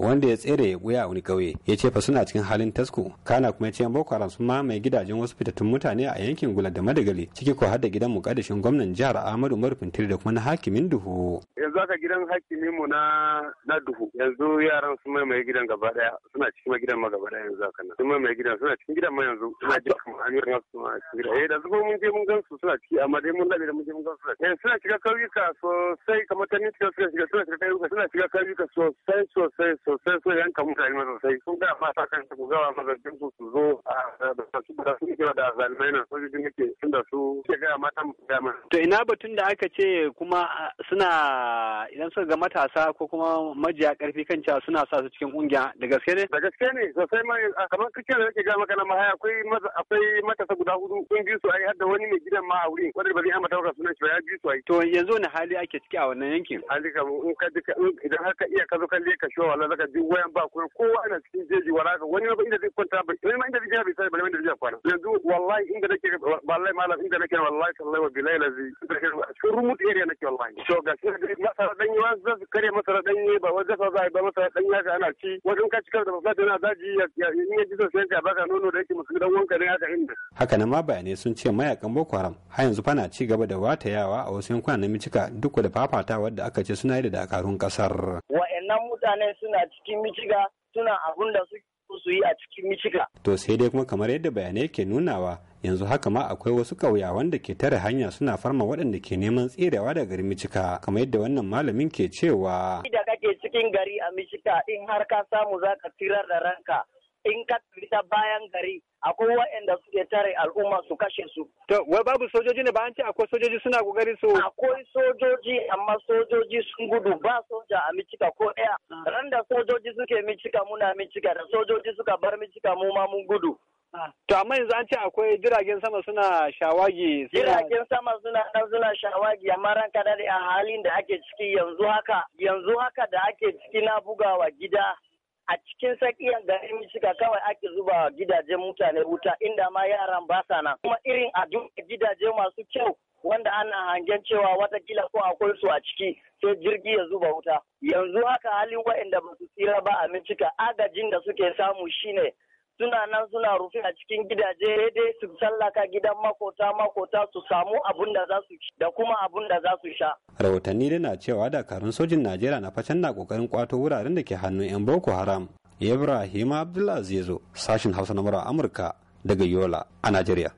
wanda ya tsere ya buya a wani kauye ya ce fa suna cikin halin tasko kana kuma ya ce boko haram sun mamaye gidajen wasu fitattun mutane a yankin gula da madagali ciki ko har da gidan mukaddashin gwamnan jihar ahmadu umaru fintiri da kuma na hakimin duhu yanzu aka gidan hakimin mu na na duhu yanzu yaran sun mamaye gidan gaba daya suna cikin gidan ma gaba daya yanzu haka sun mamaye gidan suna cikin gidan ma yanzu suna jikin amir na su ma cikin gidan eh da zuwa mun je mun gan su suna ciki amma dai mun labe da mun je mun gan su suna cika eh, kauyuka sosai kamar ta ni suka shiga suna cika kauyuka suna cika kauyuka sosai sosai sosai sun yanka mutane sai sun ga mata kan su gawa mazarcin su su zo a da su da su kira da zalimai nan sojojin nake sun da su ya gaya mata dama. To ina batun da aka ce kuma suna idan suka ga matasa ko kuma majiya karfi kan cewa suna sa su cikin kungiya da gaske ne? Da gaske ne sosai ma kamar kake da nake ga maka na mahaya akwai akwai matasa guda hudu kun bi su ai har da wani mai gidan ma a wurin wanda ba zai amma dauka sunan shi ba ya bi su ai. To yanzu wani hali ake ciki a wannan yankin? Hali kam in ka idan har ka iya ka zo ka leka shi wala zaka ji wayan ba kuma kowa ana cikin jeji wala ka wani ma inda zai kwanta ba wani ma inda zai ba sai ba inda zai kwana. Yanzu wallahi inda nake wallahi malam inda nake nake wallahi tallahi wa bilahi lazi a cikin rumut area nake wallahi ga shi masara danyi wa za kare masara danyi ba wai zafa za ba masara danyi haka ana ci wajen ka cikar da masara yana daji in ya ji sosai baka nono da yake musu dan wanka ne haka inda haka nan ma bayanai sun ce mayakan boko haram har yanzu fa na ci gaba da watayawa a wasu yankuna na micika duk da fafatawar da aka ce suna yi da dakarun kasar wa'annan mutane suna cikin micika suna abun da su su yi a cikin micika to sai dai kuma kamar yadda bayanai ke nunawa yanzu haka ma akwai wasu ƙauya da ke tare hanya suna farma waɗanda ke neman tserewa daga garin micika kamar yadda wannan malamin ke cewa da kake cikin gari a micika in har ka samu za ka tirar da ranka in ka fita bayan gari akwai waɗanda suke tare al'umma su kashe su. To, wai babu sojoji ne ba an ce akwai sojoji suna kokari su. Akwai sojoji amma sojoji sun gudu ba soja a micika ko ɗaya. Ran da sojoji suke micika muna micika da sojoji suka bar micika mu ma mun gudu. To amma yanzu an ce akwai jiragen sama suna shawagi. Jiragen sama suna nan suna shawagi amma ran dare a halin da ake ciki yanzu haka yanzu haka da ake ciki na bugawa gida a cikin tsakiyar garin shiga kawai ake zuba gidajen mutane wuta inda ma yaran ba sa nan. Kuma irin a gidaje masu kyau wanda ana hangen cewa watakila ko akwai su a ciki sai jirgi ya zuba wuta. Yanzu haka halin waɗanda ba su tsira ba a cika agajin da suke samu shine suna nan suna rufe a cikin gidaje dai su tsallaka gidan makota makota su samu abun da za su da kuma abun da za su sha. Rahotanni dana na cewa dakarun sojin Najeriya na facen na kokarin kwato wuraren da ke hannun 'yan Boko Haram. Ibrahim Abdulaziz sashin Hausa na Amurka daga Yola a Najeriya.